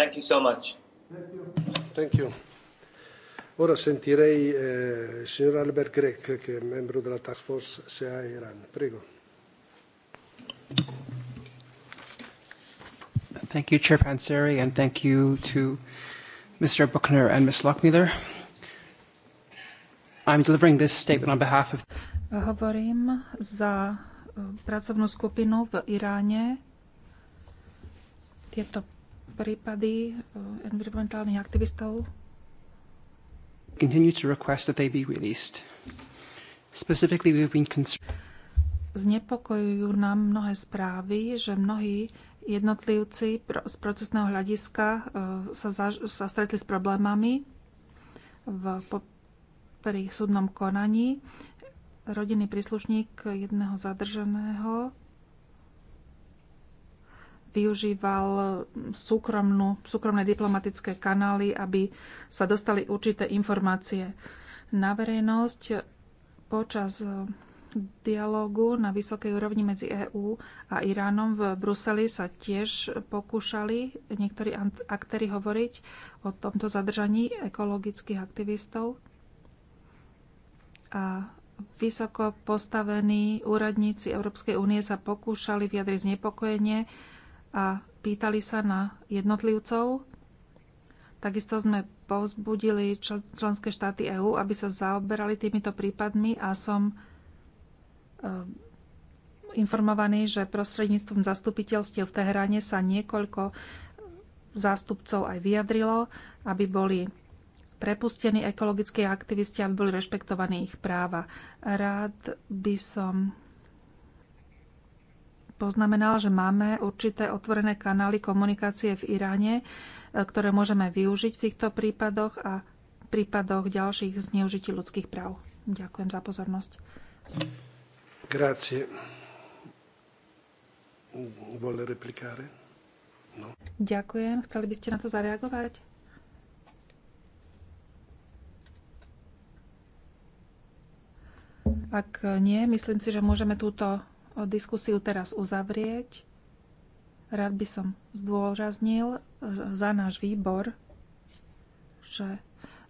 Thank you so much. Thank you. Ora sentirei eh, il signor Albert Grech, che è membro della task force SEA Iran. Prego. Thank you, Chair Panseri, and thank you to Mr. Buckner and Ms. Lockmiller. I'm delivering this statement on behalf of... Hovorím za eh, pracovnú skupinu v Iráne. Tieto prípady eh, environmentálnych aktivistov? Continue to request that they be released. Specifically, we've been Znepokojujú nám mnohé správy, že mnohí jednotlivci z procesného hľadiska eh, sa, za, sa stretli s problémami v, po, pri súdnom konaní. Rodinný príslušník jedného zadrženého využíval súkromnú, súkromné diplomatické kanály, aby sa dostali určité informácie na verejnosť počas dialógu na vysokej úrovni medzi EÚ a Iránom v Bruseli sa tiež pokúšali niektorí aktéry hovoriť o tomto zadržaní ekologických aktivistov. A vysoko postavení úradníci Európskej únie sa pokúšali vyjadriť znepokojenie a pýtali sa na jednotlivcov. Takisto sme povzbudili členské štáty EÚ, aby sa zaoberali týmito prípadmi a som eh, informovaný, že prostredníctvom zastupiteľstiev v Teheráne sa niekoľko zástupcov aj vyjadrilo, aby boli prepustení ekologickí aktivisti, aby boli rešpektovaní ich práva. Rád by som poznamenal, že máme určité otvorené kanály komunikácie v Iráne, e, ktoré môžeme využiť v týchto prípadoch a v prípadoch ďalších zneužití ľudských práv. Ďakujem za pozornosť. Grazie. Vole replikáre? No. Ďakujem. Chceli by ste na to zareagovať? Ak nie, myslím si, že môžeme túto diskusiu teraz uzavrieť. Rád by som zdôraznil e, za náš výbor, že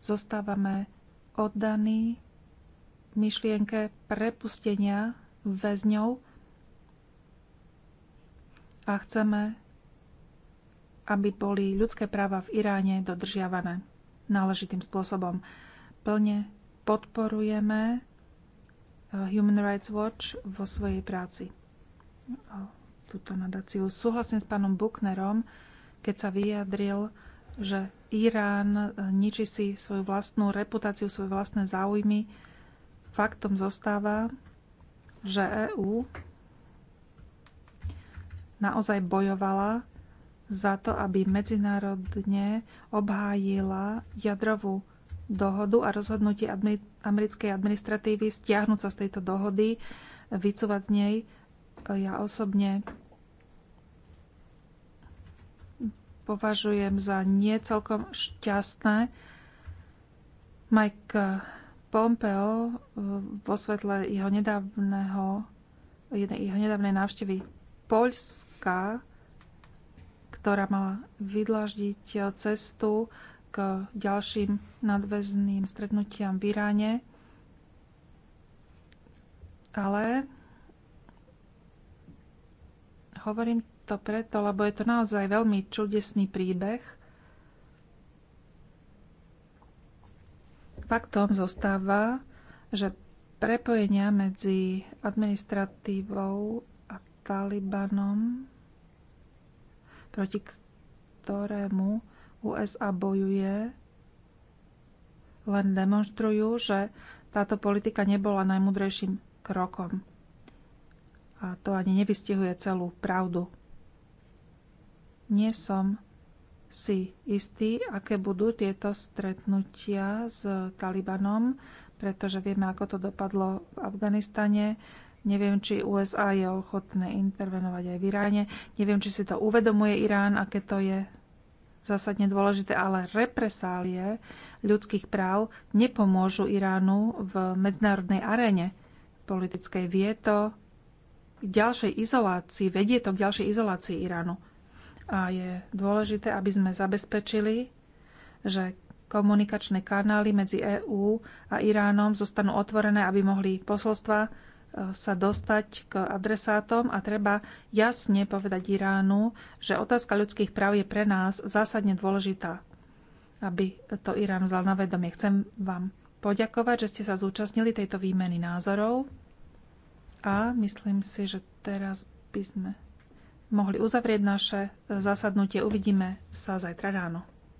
zostávame oddaní myšlienke prepustenia väzňov a chceme, aby boli ľudské práva v Iráne dodržiavané náležitým spôsobom. Plne podporujeme Human Rights Watch vo svojej práci. Túto nadáciu. Súhlasím s pánom Bucknerom, keď sa vyjadril, že Irán e, ničí si svoju vlastnú reputáciu, svoje vlastné záujmy. Faktom zostáva, že EÚ naozaj bojovala za to, aby medzinárodne obhájila jadrovú dohodu a rozhodnutie americkej administratívy stiahnuť sa z tejto dohody, vycovať z nej. Ja osobne považujem za nie celkom šťastné. Mike Pompeo eh, vo svetle jeho, nedávneho, jeho nedávnej návštevy Poľska, ktorá mala vydláždiť eh, cestu k ďalším nadväzným stretnutiam v Iráne. Ale hovorím to preto, lebo je to naozaj veľmi čudesný príbeh. Faktom zostáva, že prepojenia medzi administratívou a Talibanom, proti ktorému USA bojuje, len demonstrujú, že táto politika nebola najmudrejším krokom. A to ani nevystihuje celú pravdu. Nie som si istý, aké budú tieto stretnutia s Talibanom, pretože vieme, ako to dopadlo v Afganistane. Neviem, či USA je ochotné intervenovať aj v Iráne. Neviem, či si to uvedomuje Irán, aké to je zásadne dôležité, ale represálie ľudských práv nepomôžu Iránu v medzinárodnej aréne politickej. Vie to k ďalšej izolácii, vedie to k ďalšej izolácii Iránu. A je dôležité, aby sme zabezpečili, že komunikačné kanály medzi EÚ a Iránom zostanú otvorené, aby mohli posolstva sa dostať k adresátom a treba jasne povedať Iránu, že otázka ľudských práv je pre nás zásadne dôležitá, aby to Irán vzal na vedomie. Chcem vám poďakovať, že ste sa zúčastnili tejto výmeny názorov a myslím si, že teraz by sme mohli uzavrieť naše zasadnutie. Uvidíme sa zajtra ráno.